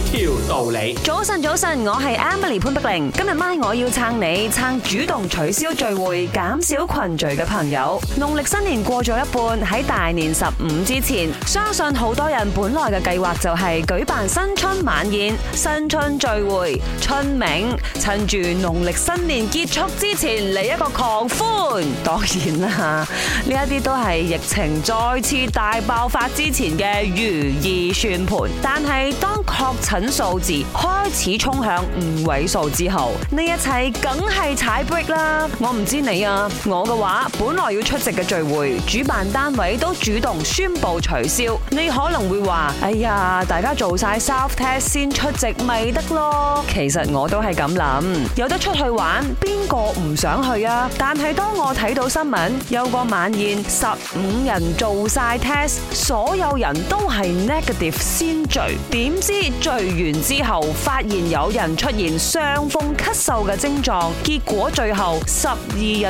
條道理。早晨，早晨，我係 Emily 潘德玲。今日晚我要撐你，撐主動取消聚會、減少群聚嘅朋友。農曆新年過咗一半，喺大年十五之前，相信好多人本來嘅計劃就係舉辦新春晚宴、新春聚會、春茗，趁住農曆新年結束之前嚟一個狂歡。當然啦，呢一啲都係疫情再次大爆發之前嘅如意算盤。但係當確診數字開始衝向五位數之後，呢一切梗係踩 break 啦！我唔知你啊，我嘅話本來要出席嘅聚會，主辦單位都主動宣布取消。你可能會話：哎呀，大家做晒 self test 先出席咪得咯？其實我都係咁諗，有得出去玩，邊個唔想去啊？但係當我睇到新聞，有個晚宴十五人做晒 test，所有人都係 negative 先聚，點知去完之後，發現有人出現傷風咳嗽嘅症狀，結果最後十二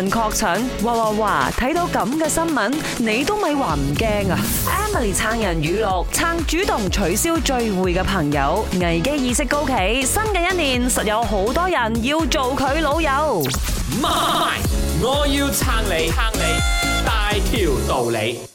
人確診。哇哇哇，睇到咁嘅新聞，你都咪話唔驚啊！Emily 撐人語錄：撐主動取消聚會嘅朋友，危機意識高企。新嘅一年，實有好多人要做佢老友。我要撐你，撐你，大條道理。